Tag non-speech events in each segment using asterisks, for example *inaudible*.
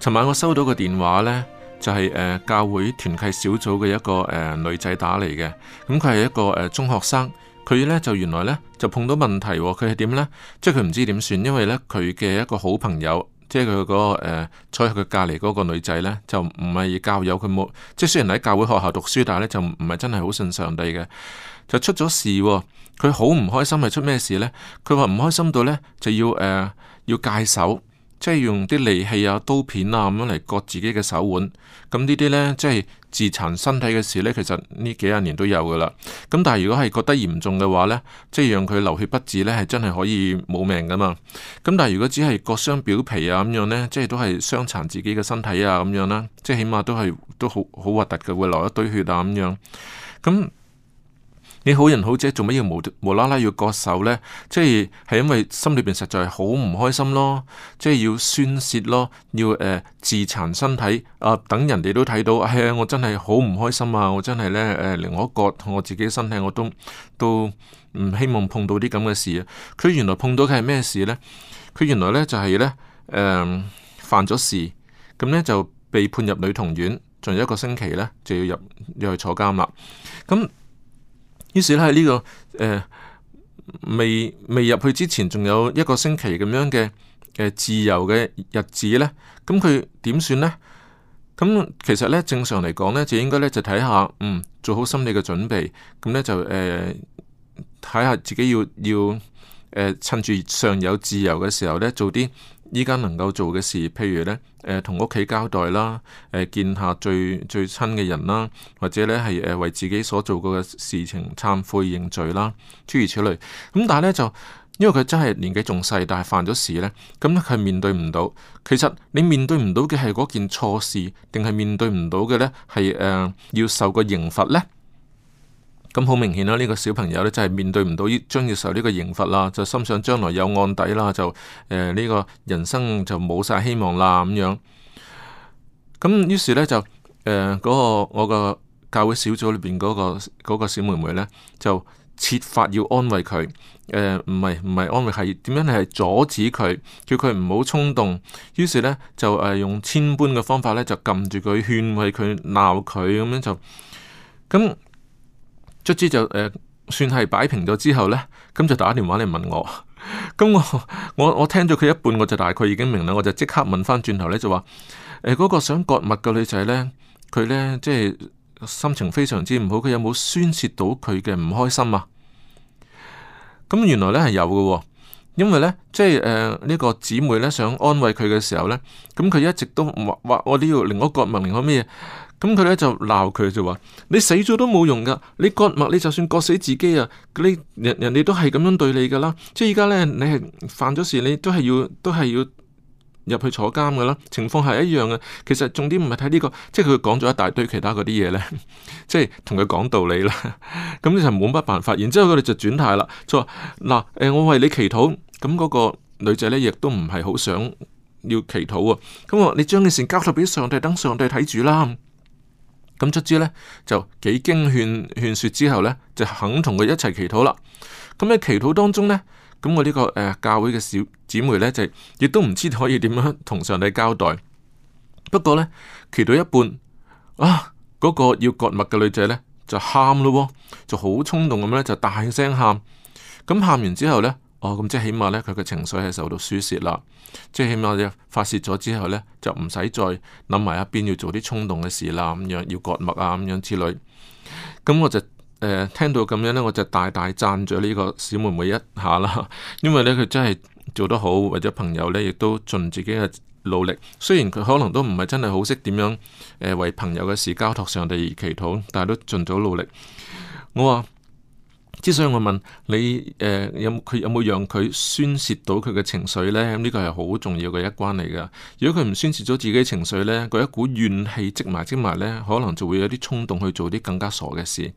尋晚我收到個電話呢就係、是、誒、呃、教會團契小組嘅一個誒、呃、女仔打嚟嘅。咁佢係一個誒、呃、中學生，佢呢就原來呢就碰到問題，佢係點呢？即係佢唔知點算，因為呢，佢嘅一個好朋友，即係佢、個誒、呃、坐喺佢隔籬嗰個女仔呢，就唔係教友，佢冇即係雖然喺教會學校讀書，但係呢就唔係真係好信上帝嘅，就出咗事、啊。佢好唔開心，係出咩事呢？佢話唔開心到呢，就要誒、呃、要戒手、即係用啲利器啊、刀片啊咁樣嚟割自己嘅手腕，咁呢啲呢，即係自殘身體嘅事呢，其實呢幾廿年都有噶啦。咁但係如果係覺得嚴重嘅話呢，即係讓佢流血不止呢，係真係可以冇命噶嘛。咁但係如果只係割傷表皮啊咁樣呢，即係都係傷殘自己嘅身體啊咁樣啦。即係起碼都係都好好核突嘅，會流一堆血啊咁樣。咁你好人好姐做乜要無無啦啦要割手呢？即係係因為心裏邊實在好唔開心咯，即係要宣洩咯，要誒、呃、自殘身體啊！等人哋都睇到，係、哎、啊，我真係好唔開心啊！我真係咧誒，連我割我自己身體我都都唔希望碰到啲咁嘅事啊！佢原來碰到嘅係咩事呢？佢原來咧就係咧誒犯咗事，咁咧就被判入女童院，仲有一個星期咧就要入入去坐監啦，咁。於是咧喺呢個誒、呃、未未入去之前，仲有一個星期咁樣嘅誒自由嘅日子咧。咁佢點算咧？咁其實咧正常嚟講咧，就應該咧就睇下，嗯，做好心理嘅準備。咁咧就誒睇、呃、下自己要要誒、呃、趁住尚有自由嘅時候咧，做啲依家能夠做嘅事，譬如咧。誒，同屋企交代啦，誒、呃，見下最最親嘅人啦，或者咧係誒為自己所做過嘅事情懺悔認罪啦，諸如此類。咁但係咧就，因為佢真係年紀仲細，但係犯咗事咧，咁佢面對唔到。其實你面對唔到嘅係嗰件錯事，定係面對唔到嘅咧係誒要受個刑罰咧？咁好明顯啦、啊，呢、這個小朋友呢，就係面對唔到將要受呢個刑罰啦，就心想將來有案底啦，就呢、呃這個人生就冇晒希望啦咁樣。咁、嗯、於是呢，就誒嗰、呃那個我個教會小組裏邊嗰個小妹妹呢，就設法要安慰佢。誒唔係唔係安慰，係點樣係阻止佢，叫佢唔好衝動。於是呢，就誒、呃、用千般嘅方法呢，就撳住佢，勸慰佢，鬧佢咁樣就咁。嗯嗯。卒之就誒，算係擺平咗之後呢，咁就打電話嚟問我，咁我我我聽咗佢一半，我就大概已經明啦，我就即刻問翻轉頭呢，就話，誒、那、嗰個想割脈嘅女仔呢，佢呢即係心情非常之唔好，佢有冇宣泄到佢嘅唔開心啊？咁原來呢係有嘅、哦，因為呢即係誒呢個姊妹呢，想安慰佢嘅時候呢，咁佢一直都話，話我都要另外割脈，另外咩？咁佢咧就鬧佢就話：你死咗都冇用噶，你割脈，你就算割死自己啊，你人人哋都係咁樣對你噶啦。即係而家咧，你係犯咗事，你都係要都係要入去坐監噶啦。情況係一樣嘅。其實重點唔係睇呢個，即係佢講咗一大堆其他嗰啲嘢咧， *laughs* 即係同佢講道理啦。咁你 *laughs* 就冇乜辦法。然之後佢哋就轉態啦，就話嗱誒，我為你祈禱。咁嗰個女仔咧，亦都唔係好想要祈禱啊。咁我你將件事交托俾上帝，等上帝睇住啦。咁卒之呢，就幾經勸勸說之後呢，就肯同佢一齊祈禱啦。咁喺祈禱當中呢，咁我呢、這個誒、呃、教會嘅小姊妹呢，就亦都唔知可以點樣同上帝交代。不過呢，祈禱一半啊，嗰、那個要割脈嘅女仔呢，就喊咯，就好衝動咁咧就大聲喊。咁喊完之後呢。哦，咁即係起碼咧，佢嘅情緒係受到疏泄啦，即係起碼嘅發泄咗之後咧，就唔使再諗埋一邊要做啲衝動嘅事啦，咁樣要割脈啊，咁樣之類。咁、嗯、我就誒、呃、聽到咁樣咧，我就大大讚咗呢個小妹妹一下啦，因為咧佢真係做得好，為咗朋友咧亦都盡自己嘅努力。雖然佢可能都唔係真係好識點樣誒、呃、為朋友嘅事交託上帝而祈禱，但係都盡咗努力。我話。之所以我問你，誒、呃、有佢有冇讓佢宣泄到佢嘅情緒呢？咁呢個係好重要嘅一關嚟㗎。如果佢唔宣泄咗自己嘅情緒呢，佢一股怨氣積埋積埋呢，可能就會有啲衝動去做啲更加傻嘅事。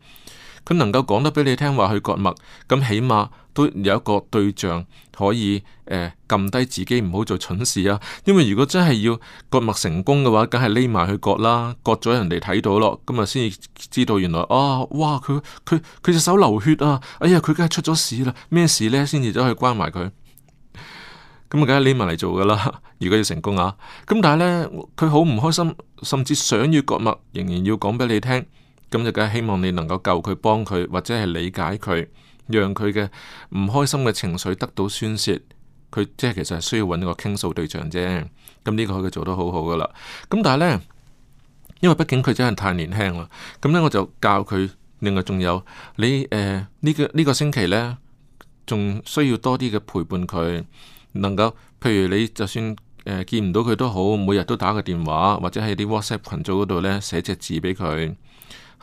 佢能夠講得畀你聽話去割脈，咁起碼都有一個對象可以誒撳低自己唔好做蠢事啊！因為如果真係要割脈成功嘅話，梗係匿埋去割啦，割咗人哋睇到咯，咁啊先至知道原來啊，哇！佢佢佢隻手流血啊！哎呀，佢梗係出咗事啦！咩事呢？先至走去關埋佢，咁啊梗係匿埋嚟做㗎啦！如果要成功啊，咁但係咧佢好唔開心，甚至想要割脈，仍然要講畀你聽。咁就梗係希望你能夠救佢、幫佢，或者係理解佢，讓佢嘅唔開心嘅情緒得到宣泄。佢即係其實係需要揾個傾訴對象啫。咁呢個佢做得好好噶啦。咁但係呢，因為畢竟佢真係太年輕啦。咁呢，我就教佢。另外仲有你誒呢、呃呢個呢、呢個星期呢，仲需要多啲嘅陪伴佢，能夠譬如你就算誒、呃、見唔到佢都好，每日都打個電話，或者喺啲 WhatsApp 群組嗰度呢寫隻字俾佢。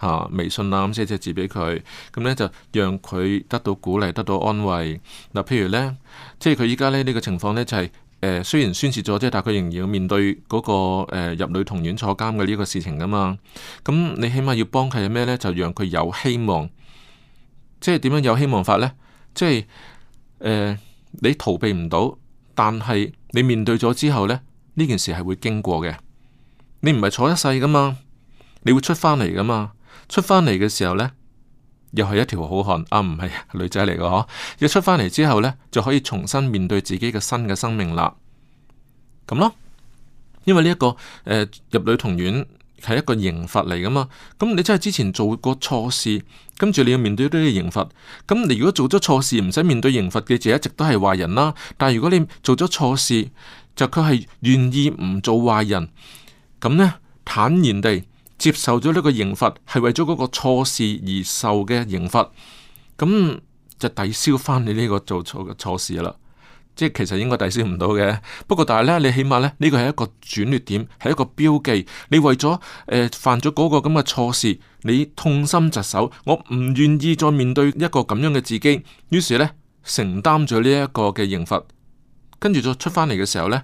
啊、微信啦、啊，咁先寫字俾佢，咁呢就讓佢得到鼓勵，得到安慰嗱。譬、啊、如呢，即係佢依家咧呢、這個情況呢，就係、是、誒、呃，雖然宣泄咗即啫，但係佢仍然要面對嗰、那個、呃、入女童院坐監嘅呢個事情噶嘛。咁、嗯、你起碼要幫佢咩呢？就讓佢有希望，即係點樣有希望法呢？即係誒、呃，你逃避唔到，但係你面對咗之後呢，呢件事係會經過嘅。你唔係坐一世噶嘛，你會出翻嚟噶嘛。出返嚟嘅時候呢，又係一條好漢啊！唔係女仔嚟嘅嗬。要、啊、出返嚟之後呢，就可以重新面對自己嘅新嘅生命啦。咁咯，因為呢、這、一個、呃、入女童院係一個刑罰嚟噶嘛。咁你真係之前做過錯事，跟住你要面對呢個刑罰。咁你如果做咗錯事唔使面對刑罰嘅，就一直都係壞人啦。但係如果你做咗錯事，就佢係願意唔做壞人。咁呢，坦然地。接受咗呢個刑罰，係為咗嗰個錯事而受嘅刑罰，咁就抵消翻你呢個做錯嘅錯事啦。即係其實應該抵消唔到嘅，不過但係呢，你起碼呢，呢、呢個係一個轉捩點，係一個標記。你為咗誒、呃、犯咗嗰個咁嘅錯事，你痛心疾首，我唔願意再面對一個咁樣嘅自己。於是呢，承擔咗呢一個嘅刑罰，跟住再出翻嚟嘅時候呢。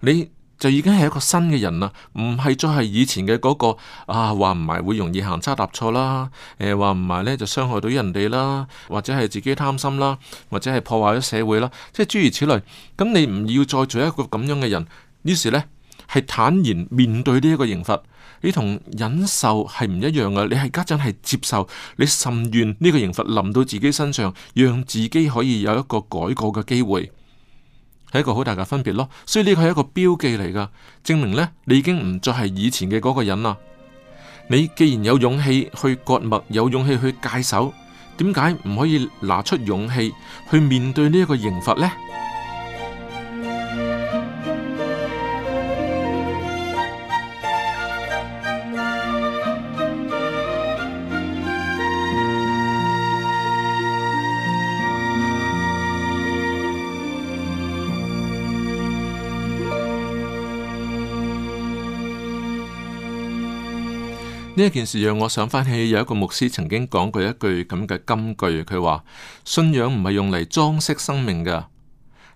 你。就已經係一個新嘅人啦，唔係再係以前嘅嗰個啊，話唔埋會容易行差踏錯啦，誒，話唔埋呢就傷害到人哋啦，或者係自己貪心啦，或者係破壞咗社會啦，即係諸如此類。咁你唔要再做一個咁樣嘅人，於是呢係坦然面對呢一個刑罰，你同忍受係唔一樣嘅，你係家陣係接受，你甚願呢個刑罰臨到自己身上，讓自己可以有一個改過嘅機會。係一個好大嘅分別咯，所以呢個係一個標記嚟㗎，證明呢，你已經唔再係以前嘅嗰個人啦。你既然有勇氣去割脈，有勇氣去戒手，點解唔可以拿出勇氣去面對呢一個刑罰呢？呢一件事讓我想翻起有一個牧師曾經講過一句咁嘅金句，佢話信仰唔係用嚟裝飾生命噶，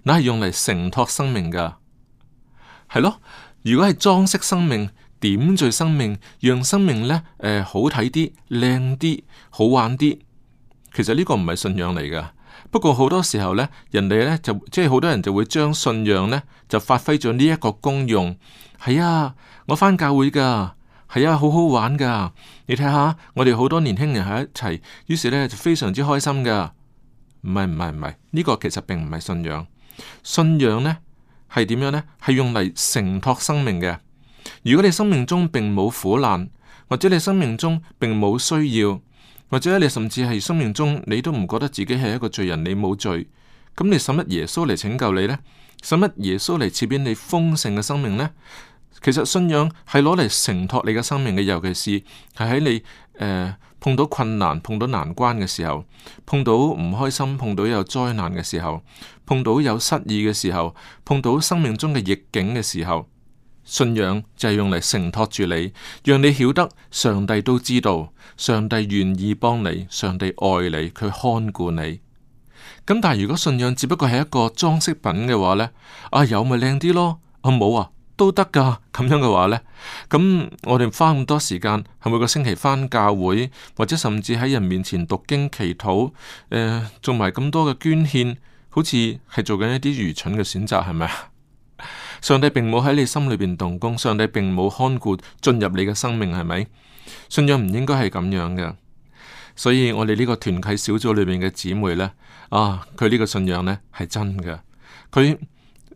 那係用嚟承托生命噶，係咯，如果係裝飾生命，點綴生命，讓生命呢、呃、好睇啲、靚啲、好玩啲，其實呢個唔係信仰嚟噶。不過好多時候呢，人哋呢，就即係好多人就會將信仰呢就發揮咗呢一個功用。係啊，我返教會噶。係啊，好好玩噶！你睇下，我哋好多年輕人喺一齊，於是咧就非常之開心噶。唔係唔係唔係，呢個其實並唔係信仰。信仰呢，係點樣呢？係用嚟承托生命嘅。如果你生命中並冇苦難，或者你生命中並冇需要，或者你甚至係生命中你都唔覺得自己係一個罪人，你冇罪，咁你使乜耶穌嚟拯救你呢？使乜耶穌嚟賜俾你豐盛嘅生命呢？其實信仰係攞嚟承托你嘅生命嘅，尤其是係喺你誒、呃、碰到困難、碰到難關嘅時候，碰到唔開心、碰到有災難嘅時候，碰到有失意嘅時候，碰到生命中嘅逆境嘅時候，信仰就係用嚟承托住你，讓你曉得上帝都知道，上帝願意幫你，上帝愛你，佢看顧你。咁但係如果信仰只不過係一個裝飾品嘅話呢，啊，有咪靚啲咯，啊冇啊。都得噶，咁樣嘅話呢，咁我哋花咁多時間，係每個星期返教會，或者甚至喺人面前讀經祈禱，呃、做埋咁多嘅捐獻，好似係做緊一啲愚蠢嘅選擇，係咪啊？上帝並冇喺你心裏邊動工，上帝並冇看顧進入你嘅生命，係咪？信仰唔應該係咁樣嘅，所以我哋呢個團契小組裏面嘅姊妹呢，啊，佢呢個信仰呢係真嘅，佢呢、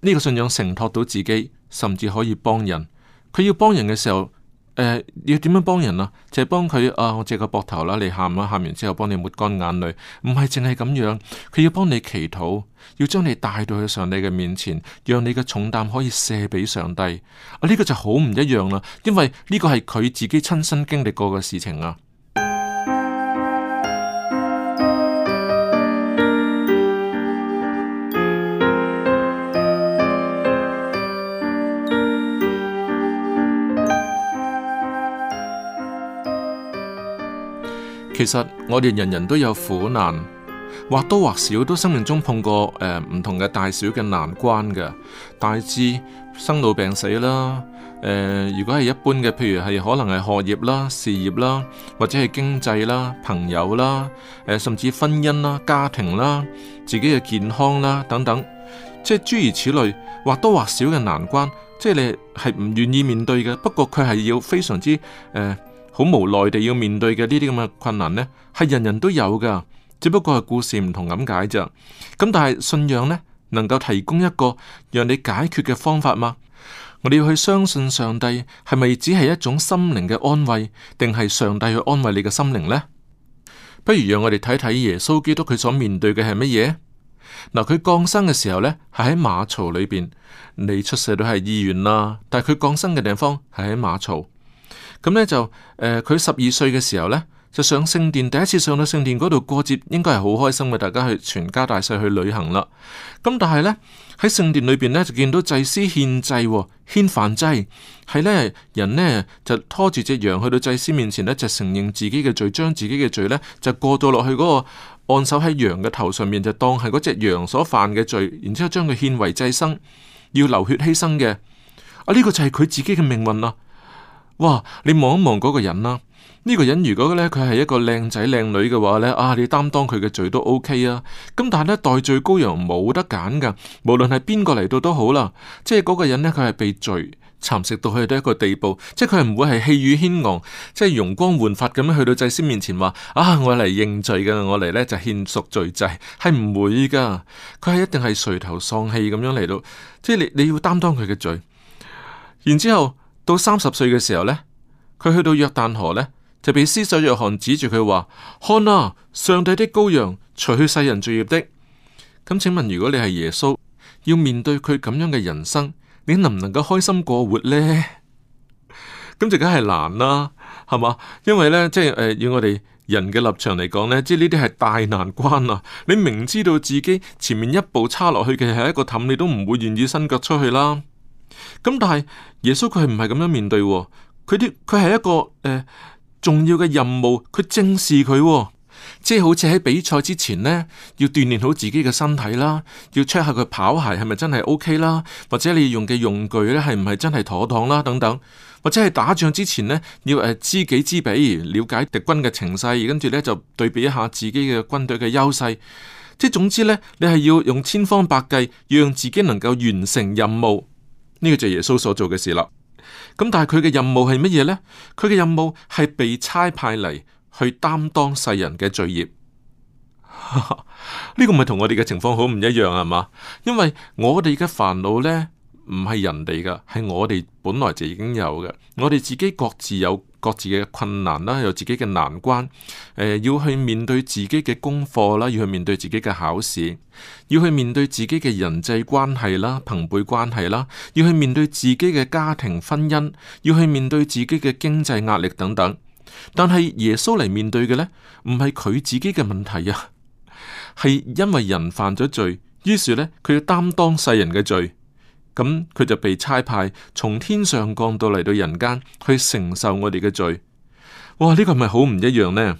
呢個信仰承托到自己。甚至可以幫人，佢要幫人嘅時候，誒、呃，要點樣幫人啊？就係幫佢啊，我借個膊頭啦，你喊啦，喊完之後幫你抹乾眼淚，唔係淨係咁樣。佢要幫你祈禱，要將你帶到去上帝嘅面前，讓你嘅重擔可以卸俾上帝。啊，呢個就好唔一樣啦，因為呢個係佢自己親身經歷過嘅事情啊。其實我哋人人都有苦難，或多或少都生命中碰過誒唔、呃、同嘅大小嘅難關嘅，大致生老病死啦，誒、呃、如果係一般嘅，譬如係可能係學業啦、事業啦，或者係經濟啦、朋友啦，誒、呃、甚至婚姻啦、家庭啦、自己嘅健康啦等等，即係諸如此類，或多或少嘅難關，即係你係唔願意面對嘅，不過佢係要非常之誒。呃好無奈地要面對嘅呢啲咁嘅困難呢，係人人都有噶，只不過係故事唔同咁解咋。咁但係信仰呢，能夠提供一個讓你解決嘅方法嘛？我哋要去相信上帝係咪只係一種心靈嘅安慰，定係上帝去安慰你嘅心靈呢？不如讓我哋睇睇耶穌基督佢所面對嘅係乜嘢。嗱，佢降生嘅時候呢，係喺馬槽裏邊。你出世都係醫院啦，但係佢降生嘅地方係喺馬槽。咁呢，就誒，佢十二歲嘅時候呢，就上聖殿，第一次上到聖殿嗰度過節，應該係好開心嘅，大家去全家大細去旅行啦。咁但係呢，喺聖殿裏邊呢，就見到祭司獻祭、獻燔祭，係呢，人呢，就拖住隻羊去到祭司面前呢，就承認自己嘅罪，將自己嘅罪呢，就過到落去嗰個按手喺羊嘅頭上面，就當係嗰隻羊所犯嘅罪，然之後將佢獻為祭牲，要流血犧牲嘅。啊，呢個就係佢自己嘅命運啦。哇！你望一望嗰個人啦，呢、這個人如果咧佢係一個靚仔靚女嘅話咧，啊你擔當佢嘅罪都 OK 啊。咁但係咧代罪羔羊冇得揀噶，無論係邊個嚟到都好啦。即係嗰個人咧，佢係被罪蠶食到去到一個地步，即係佢係唔會係氣宇軒昂，即係容光煥發咁樣去到祭司面前話：啊，我嚟認罪嘅，我嚟咧就獻贖罪祭，係唔會噶。佢係一定係垂頭喪氣咁樣嚟到。即係你你要擔當佢嘅罪，然之後。到三十歲嘅時候呢，佢去到約旦河呢，就俾施洗約翰指住佢話：看啊，上帝的羔羊，除去世人罪孽的。咁請問，如果你係耶穌，要面對佢咁樣嘅人生，你能唔能夠開心過活呢？咁就梗係難啦，係嘛？因為呢，即係誒、呃，以我哋人嘅立場嚟講呢，即係呢啲係大難關啊！你明知道自己前面一步差落去嘅係一個氹，你都唔會願意伸腳出去啦。咁但係耶穌佢係唔係咁樣面對佢、哦、啲？佢係一個誒、呃、重要嘅任務，佢正視佢、哦、即係好似喺比賽之前呢，要鍛煉好自己嘅身體啦，要 check 下佢跑鞋係咪真係 OK 啦，或者你用嘅用具呢係唔係真係妥當啦，等等，或者係打仗之前呢，要誒、呃、知己知彼，了解敵軍嘅情勢，跟住呢就對比一下自己嘅軍隊嘅優勢，即係總之呢，你係要用千方百計，要讓自己能夠完成任務。呢個就耶穌所做嘅事啦，咁但係佢嘅任務係乜嘢呢？佢嘅任務係被差派嚟去擔當世人嘅罪業。呢 *laughs* 個唔係同我哋嘅情況好唔一樣係嘛？因為我哋嘅煩惱呢，唔係人哋㗎，係我哋本來就已經有嘅，我哋自己各自有。各自嘅困難啦，有自己嘅難關，呃，要去面對自己嘅功課啦，要去面對自己嘅考試，要去面對自己嘅人際關係啦、朋輩關係啦，要去面對自己嘅家庭婚姻，要去面對自己嘅經濟壓力等等。但係耶穌嚟面對嘅呢，唔係佢自己嘅問題呀、啊，係因為人犯咗罪，於是呢，佢要擔當世人嘅罪。咁佢就被差派從天上降到嚟到人間去承受我哋嘅罪。哇！呢、這個係咪好唔一樣呢？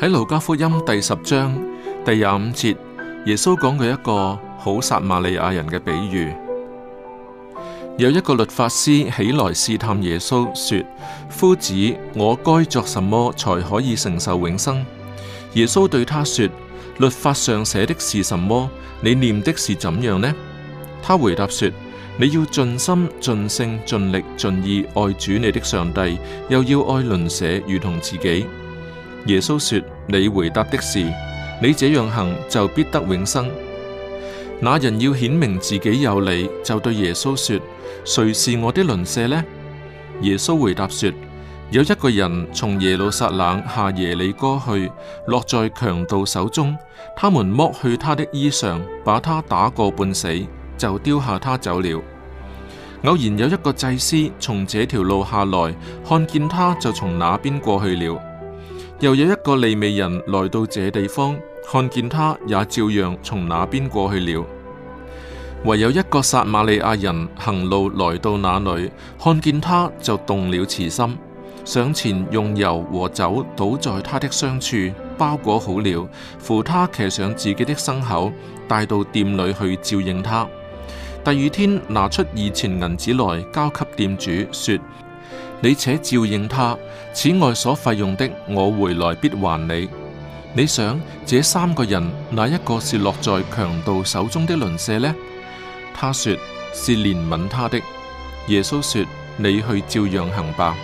喺路 *music* 加福音第十章。第廿五節，耶穌講咗一個好撒瑪利亞人嘅比喻。有一個律法師起來試探耶穌，說：夫子，我該作什麼才可以承受永生？耶穌對他說：律法上寫的是什麼，你念的是怎樣呢？他回答說：你要盡心、盡性、盡力、盡意愛主你的上帝，又要愛鄰舍如同自己。耶穌說：你回答的是。你這樣行就必得永生。那人要顯明自己有理，就對耶穌說：誰是我的鄰舍呢？耶穌回答說：有一個人從耶路撒冷下耶利哥去，落在強盜手中，他們剝去他的衣裳，把他打個半死，就丟下他走了。偶然有一個祭司從這條路下來，看見他就從那邊過去了。又有一個利未人來到這地方，看見他也照樣從那邊過去了。唯有一個撒瑪利亞人行路來到那裏，看見他就動了慈心，上前用油和酒倒在他的傷處，包裹好了，扶他騎上自己的牲口，帶到店裏去照應他。第二天拿出二錢銀子來交給店主，說，你且照應他，此外所費用的，我回來必還你。你想這三個人哪一個是落在強盜手中的鄰舍呢？他說是憐憫他的。耶穌說：你去照樣行吧。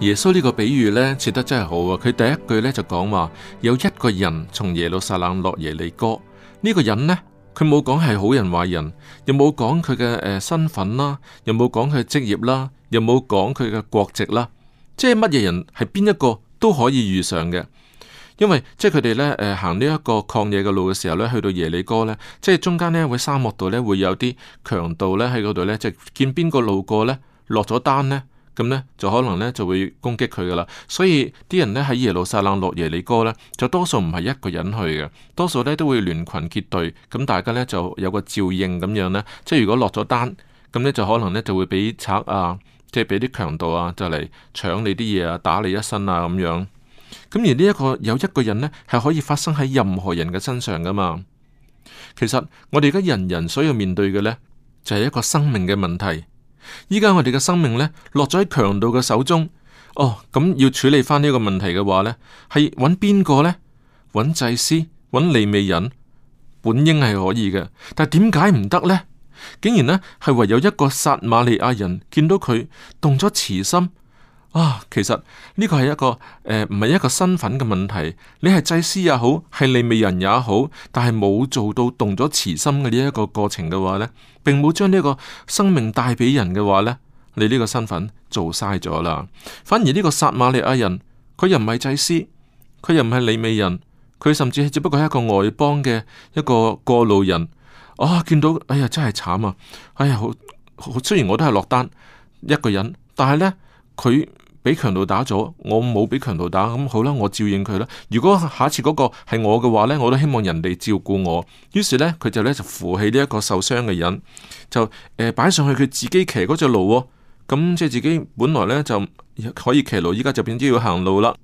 耶穌呢個比喻呢，設得真係好啊！佢第一句呢，就講話，有一個人從耶路撒冷落耶利哥。呢個人呢，佢冇講係好人壞人，又冇講佢嘅誒身份啦，又冇講佢嘅職業啦，又冇講佢嘅國籍啦。即係乜嘢人係邊一個都可以遇上嘅，因為即係佢哋呢，誒、呃、行呢一個曠野嘅路嘅時候呢，去到耶利哥呢，即係中間呢喺沙漠度呢，會有啲強盜呢喺嗰度即係、見邊個路過呢，落咗單呢。咁呢，就可能呢就會攻擊佢噶啦，所以啲人呢，喺耶路撒冷落耶利哥呢，就多數唔係一個人去嘅，多數呢都會聯群結隊，咁大家呢，就有個照應咁樣呢。即係如果落咗單，咁呢，就可能呢就會俾賊啊，即係俾啲強盜啊就嚟搶你啲嘢啊，打你一身啊咁樣。咁而呢、這、一個有一個人呢，係可以發生喺任何人嘅身上噶嘛。其實我哋而家人人所要面對嘅呢，就係、是、一個生命嘅問題。而家我哋嘅生命呢，落咗喺強盜嘅手中，哦，咁要處理翻呢個問題嘅話呢，係揾邊個呢？揾祭司，揾利未人，本應係可以嘅，但係點解唔得呢？竟然呢，係唯有一個撒瑪利亞人見到佢動咗慈心。啊，其實呢個係一個誒，唔係一個身份嘅問題。你係祭司也好，係利未人也好，但係冇做到動咗慈心嘅呢一個過程嘅話呢，並冇將呢個生命帶俾人嘅話呢，你呢個身份做晒咗啦。反而呢個撒瑪利亞人，佢又唔係祭司，佢又唔係利未人，佢甚至係只不過係一個外邦嘅一個過路人。啊，見到，哎呀，真係慘啊！哎呀，好，好，雖然我都係落單一個人，但係呢，佢。俾強盜打咗，我冇俾強盜打，咁好啦，我照應佢啦。如果下次嗰個係我嘅話呢，我都希望人哋照顧我。於是呢，佢就呢，就扶起呢一個受傷嘅人，就誒擺、呃、上去佢自己騎嗰隻路喎。咁、嗯、即係自己本來呢，就可以騎路，依家就變咗要行路啦。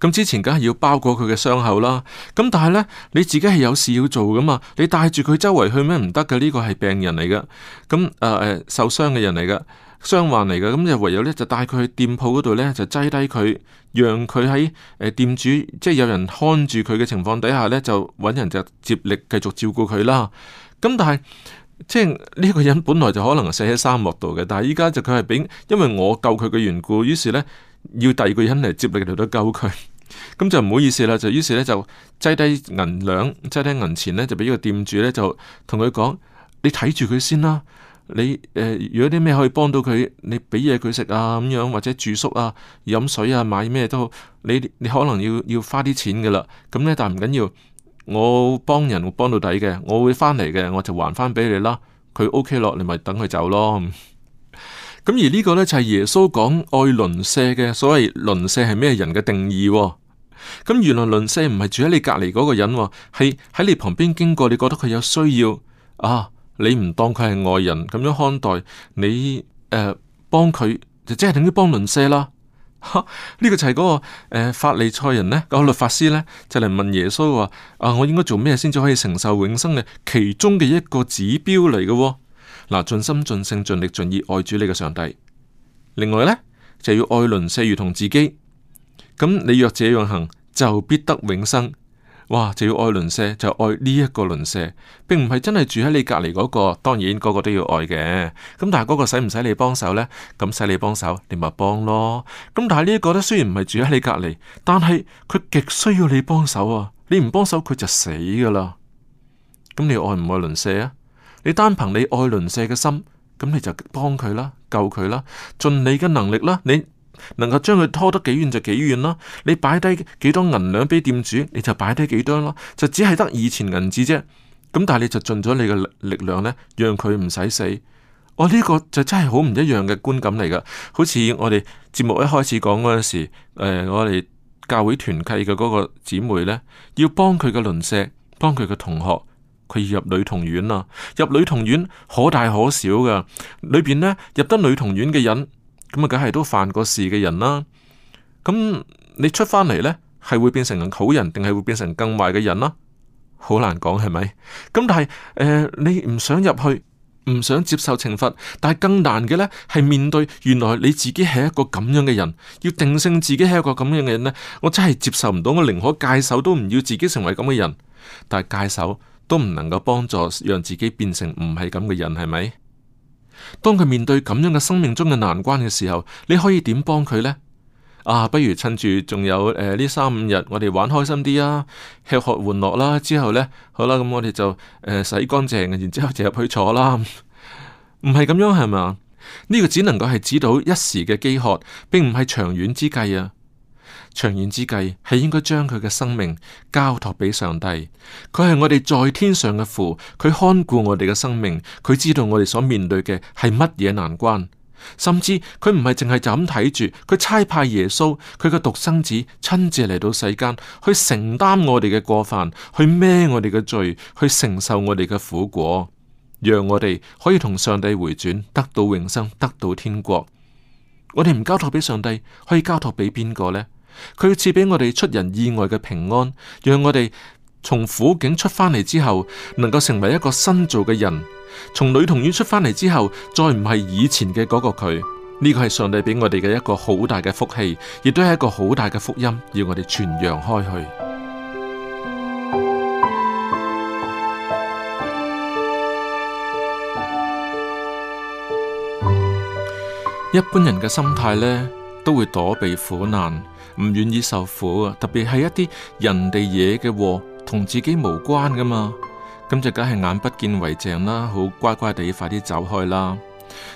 咁、嗯、之前梗係要包裹佢嘅傷口啦。咁、嗯、但係呢，你自己係有事要做噶嘛？你帶住佢周圍去咩唔得嘅？呢個係病人嚟嘅，咁誒誒受傷嘅人嚟嘅。傷患嚟嘅，咁就唯有咧就帶佢去店鋪嗰度咧，就擠低佢，讓佢喺誒店主，即係有人看住佢嘅情況底下咧，就揾人就接力繼續照顧佢啦。咁但係即係呢個人本來就可能死喺沙漠度嘅，但係依家就佢係俾，因為我救佢嘅緣故，於是咧要第二個人嚟接力嚟到救佢，咁就唔好意思啦，就於是咧就擠低銀兩，擠低銀錢咧就俾個店主咧就同佢講，你睇住佢先啦。你誒、呃，如果有啲咩可以幫到佢，你俾嘢佢食啊，咁樣或者住宿啊、飲水啊、買咩都好，你你可能要要花啲錢噶啦。咁咧，但係唔緊要，我幫人會幫到底嘅，我會翻嚟嘅，我就還翻俾你啦。佢 OK 咯，你咪等佢走咯。咁 *laughs* 而呢個咧就係耶穌講愛鄰舍嘅所謂鄰舍係咩人嘅定義、啊。咁原來鄰舍唔係住喺你隔籬嗰個人、啊，係喺你旁邊經過，你覺得佢有需要啊？你唔當佢係外人咁樣看待，你誒幫佢就即係等於幫鄰舍啦。呢、這個就係嗰、那個誒、呃、法利賽人咧，那個律法師咧就嚟問耶穌話：啊，我應該做咩先至可以承受永生嘅其中嘅一個指標嚟嘅？嗱、啊，盡心盡性盡力盡意愛主你嘅上帝。另外呢，就要愛鄰舍如同自己。咁你若這樣行，就必得永生。哇！就要愛鄰舍，就愛呢一個鄰舍，並唔係真係住喺你隔籬嗰個。當然，個個都要愛嘅。咁但係嗰個使唔使你幫手呢？咁使你幫手，你咪幫咯。咁但係呢一個咧，雖然唔係住喺你隔籬，但係佢極需要你幫手啊！你唔幫手，佢就死噶啦。咁你愛唔愛鄰舍啊？你單憑你愛鄰舍嘅心，咁你就幫佢啦，救佢啦，盡你嘅能力啦，你。能夠將佢拖得幾遠就幾遠啦，你擺低幾多銀兩俾店主，你就擺低幾多咯，啊，就只係得以前銀子啫。咁但係你就盡咗你嘅力量呢，讓佢唔使死。我、哦、呢、這個就真係好唔一樣嘅觀感嚟噶，好似我哋節目一開始講嗰陣時，誒、呃，我哋教會團契嘅嗰個姊妹呢，要幫佢嘅鄰舍，幫佢嘅同學，佢入女童院啦，入女童院可大可小噶，裏邊呢，入得女童院嘅人。咁啊，梗係都犯過事嘅人啦。咁你出翻嚟呢，係會變成好人，定係會變成更壞嘅人啦？好難講，係咪？咁但係，誒、呃，你唔想入去，唔想接受懲罰，但係更難嘅呢，係面對原來你自己係一個咁樣嘅人，要定性自己係一個咁樣嘅人呢。我真係接受唔到，我寧可戒手都唔要自己成為咁嘅人。但係戒手都唔能夠幫助讓自己變成唔係咁嘅人，係咪？當佢面對咁樣嘅生命中嘅難關嘅時候，你可以點幫佢呢？啊，不如趁住仲有誒呢、呃、三五日，我哋玩開心啲啊，吃喝玩樂啦，之後呢，好啦，咁、嗯、我哋就誒、呃、洗乾淨，然之後就入去坐啦。唔係咁樣係咪？呢、呢個只能夠係指導一時嘅饑渴，並唔係長遠之計啊。長遠之計係應該將佢嘅生命交託俾上帝。佢係我哋在天上嘅父，佢看顧我哋嘅生命，佢知道我哋所面對嘅係乜嘢難關。甚至佢唔係淨係就咁睇住，佢差派耶穌，佢嘅獨生子親自嚟到世間，去承擔我哋嘅過犯，去孭我哋嘅罪，去承受我哋嘅苦果，讓我哋可以同上帝回轉，得到永生，得到天國。我哋唔交託俾上帝，可以交託俾邊個呢？佢要賜俾我哋出人意外嘅平安，讓我哋從苦境出翻嚟之後，能夠成為一個新造嘅人；從女童院出翻嚟之後，再唔係以前嘅嗰個佢。呢個係上帝俾我哋嘅一個好大嘅福氣，亦都係一個好大嘅福音，要我哋傳揚開去。 *music* 一般人嘅心態呢，都會躲避苦難。唔願意受苦啊，特別係一啲人哋惹嘅禍同自己無關噶嘛，咁就梗係眼不見為淨啦，好乖乖地快啲走開啦。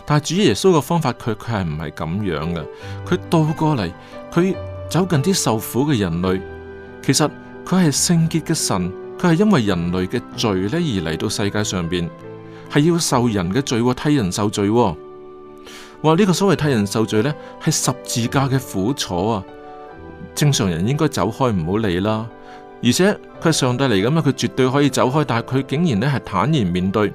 但係主耶穌嘅方法，佢佢係唔係咁樣噶？佢倒過嚟，佢走近啲受苦嘅人類。其實佢係聖潔嘅神，佢係因為人類嘅罪呢而嚟到世界上邊，係要受人嘅罪喎，替人受罪。話呢個所謂替人受罪呢，係十字架嘅苦楚啊。正常人應該走開，唔好理啦。而且佢係上帝嚟㗎嘛，佢絕對可以走開。但係佢竟然呢係坦然面對，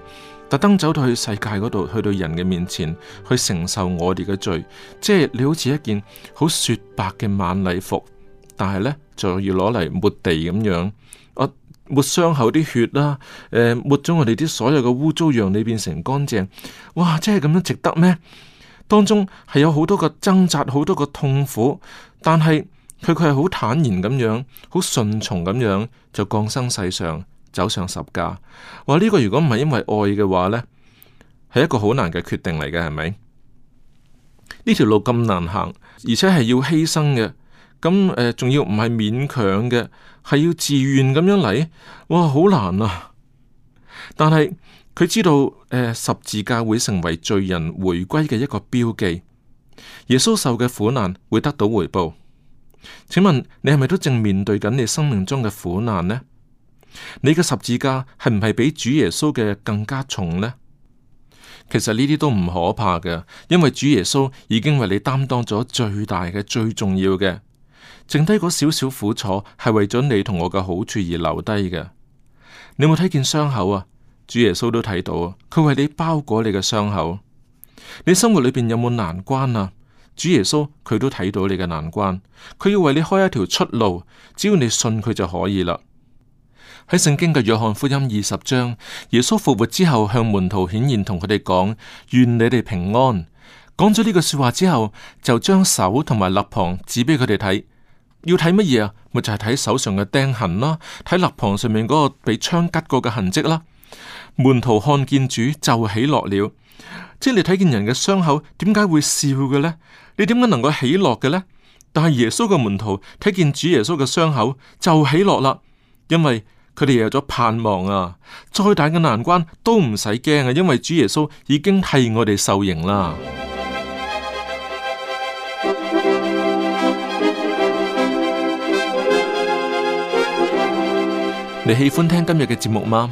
特登走到去世界嗰度，去到人嘅面前去承受我哋嘅罪，即係你好似一件好雪白嘅晚禮服，但係呢就要攞嚟抹地咁樣，抹傷口啲血啦，抹咗、啊、我哋啲所有嘅污糟，讓你變成乾淨。哇，即係咁樣值得咩？當中係有好多個掙扎，好多個痛苦，但係。佢佢係好坦然咁樣，好順從咁樣就降生世上，走上十架。哇！呢個如果唔係因為愛嘅話呢係一個好難嘅決定嚟嘅，係咪？呢條路咁難行，而且係要犧牲嘅，咁誒，仲要唔係勉強嘅，係要自願咁樣嚟。哇，好難啊！但係佢知道，誒，十字架會成為罪人回歸嘅一個標記，耶穌受嘅苦難會得到回報。請問你係咪都正面對緊你生命中嘅苦難呢？你嘅十字架係唔係比主耶穌嘅更加重呢？其實呢啲都唔可怕嘅，因為主耶穌已經為你擔當咗最大嘅最重要嘅，剩低嗰少少苦楚係為咗你同我嘅好處而留低嘅。你有冇睇見傷口啊？主耶穌都睇到啊，佢為你包裹你嘅傷口。你生活裏邊有冇難關啊？主耶穌佢都睇到你嘅難關，佢要為你開一條出路，只要你信佢就可以啦。喺聖經嘅約翰福音二十章，耶穌復活之後向門徒顯現，同佢哋講願你哋平安。講咗呢句說話之後，就將手同埋肋旁指俾佢哋睇，要睇乜嘢啊？咪就係睇手上嘅釘痕啦，睇肋旁上面嗰個被槍吉過嘅痕跡啦。門徒看見主就喜樂了。即係你睇見人嘅傷口，點解會笑嘅咧？你點解能夠喜樂嘅咧？但係耶穌嘅門徒睇見主耶穌嘅傷口就喜樂啦，因為佢哋有咗盼望啊！再大嘅難關都唔使驚啊，因為主耶穌已經替我哋受刑啦。 *music* 你喜歡聽今日嘅節目嗎？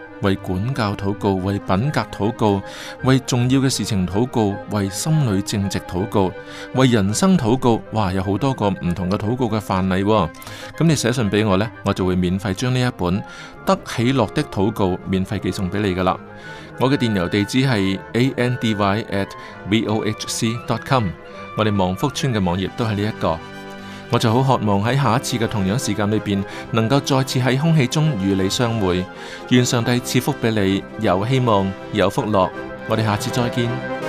為管教禱告，為品格禱告，為重要嘅事情禱告，為心裏正直禱告，為人生禱告。哇，有好多個唔同嘅禱告嘅範例喎。咁，你寫信俾我呢，我就會免費將呢一本得喜樂的禱告免費寄送俾你噶啦。我嘅電郵地址係 a n d y at v o h c dot com，我哋望福村嘅網頁都係呢一個。我就好渴望喺下一次嘅同樣時間裏邊，能夠再次喺空氣中與你相會。願上帝賜福俾你，有希望，有福樂。我哋下次再見。